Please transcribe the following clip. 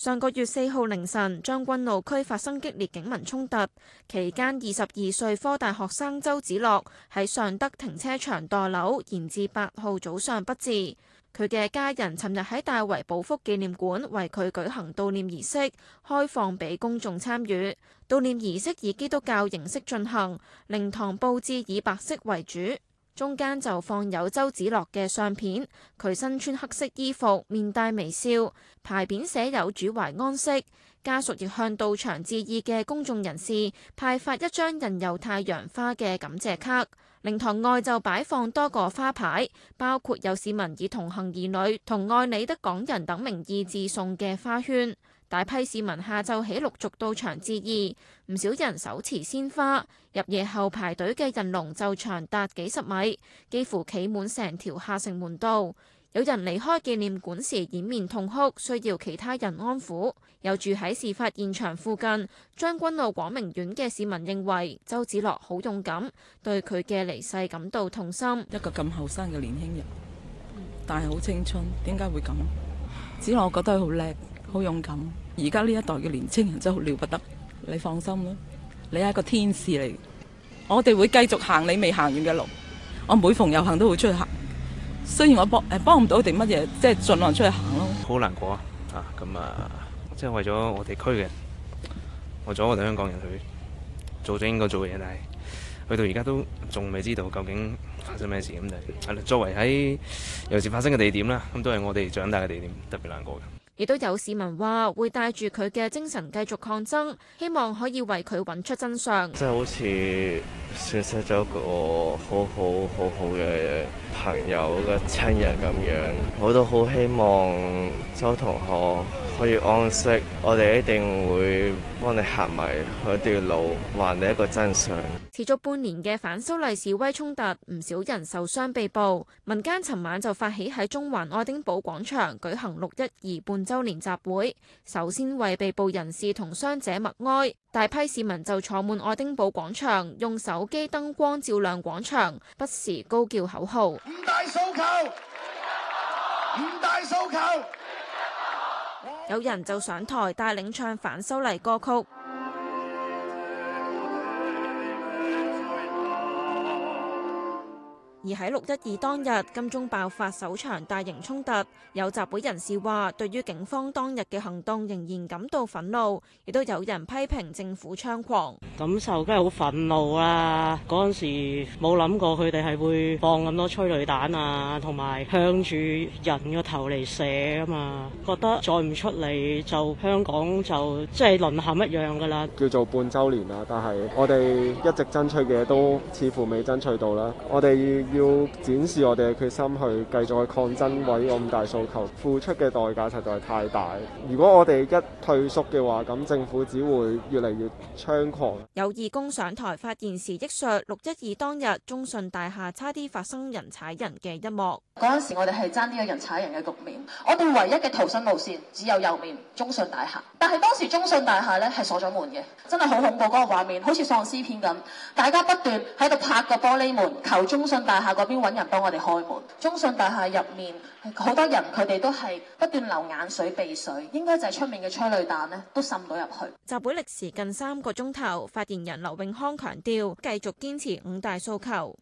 上個月四號凌晨，將軍澳區發生激烈警民衝突。期間，二十二歲科大學生周梓樂喺尚德停車場墮樓，延至八號早上不治。佢嘅家人尋日喺大圍寶福紀念館為佢舉行悼念儀式，開放俾公衆參與。悼念儀式以基督教形式進行，靈堂布置以白色為主。中間就放有周梓樂嘅相片，佢身穿黑色衣服，面帶微笑，牌匾寫有“主懷安息”。家屬亦向到場致意嘅公眾人士派發一張印有太陽花嘅感謝卡。靈堂外就擺放多個花牌，包括有市民以同行兒女同愛你的港人等名義致送嘅花圈。大批市民下晝起陸續到場致意，唔少人手持鮮花。入夜後排隊嘅人龍就長達幾十米，幾乎企滿成條下城門道。有人離開紀念館時掩面痛哭，需要其他人安撫。有住喺事發現場附近將軍澳廣明苑嘅市民認為周梓樂好勇敢，對佢嘅離世感到痛心。一個咁後生嘅年輕人，但係好青春，點解會咁？梓樂我覺得佢好叻，好勇敢。而家呢一代嘅年青人真係好了不得。你放心啦，你係一個天使嚟，我哋會繼續行你未行完嘅路。我每逢遊行都會出去行。雖然我幫誒幫唔到佢哋乜嘢，即係盡量出去行咯。好、嗯、難過啊！吓咁啊，即係為咗我哋區嘅，為咗我哋香港人去做咗應該做嘅嘢，但係去到而家都仲未知道究竟發生咩事，咁就係作為喺尤其是發生嘅地點啦，咁、嗯、都係我哋長大嘅地點，特別難過嘅。亦都有市民話會帶住佢嘅精神繼續抗爭，希望可以為佢揾出真相。即係好似損失咗個好好好好嘅朋友嘅親人咁樣，我都好希望周同學可以安息。我哋一定會幫你行埋嗰段路，還你一個真相。持續半年嘅反修例示威衝突，唔少人受傷被捕。民間尋晚就發起喺中環愛丁堡廣場舉行六一二半周年集會，首先為被捕人士同傷者默哀。大批市民就坐滿愛丁堡廣場，用手機燈光照亮廣場，不時高叫口號：五大訴求，五大訴求。有人就上台帶領唱反修例歌曲。而喺六一二當日，金鐘爆發首場大型衝突，有集會人士話：對於警方當日嘅行動，仍然感到憤怒；亦都有人批評政府猖狂。感受梗係好憤怒啦、啊！嗰陣時冇諗過佢哋係會放咁多催淚彈啊，同埋向住人個頭嚟射啊嘛！覺得再唔出嚟，就香港就即係、就是、淪陷一樣噶啦。叫做半週年啦，但係我哋一直爭取嘅都似乎未爭取到啦。我哋。要展示我哋嘅決心，去繼續去抗爭，為五大訴求付出嘅代價實在太大。如果我哋一退縮嘅話，咁政府只會越嚟越猖狂。有義工上台發現時憶述，六一二當日中信大廈差啲發生人踩人嘅一幕。嗰陣時我哋係爭呢個人踩人嘅局面，我哋唯一嘅逃生路線只有右面中信大廈，但係當時中信大廈咧係鎖咗門嘅，真係好恐怖嗰個畫面，好似喪屍片咁，大家不斷喺度拍個玻璃門求中信大。下嗰邊揾人幫我哋開門。中信大廈入面好多人，佢哋都係不斷流眼水、鼻水，應該就係出面嘅催淚彈呢，都滲到入去。集會歷時近三個鐘頭，發言人劉永康強調，繼續堅持五大訴求。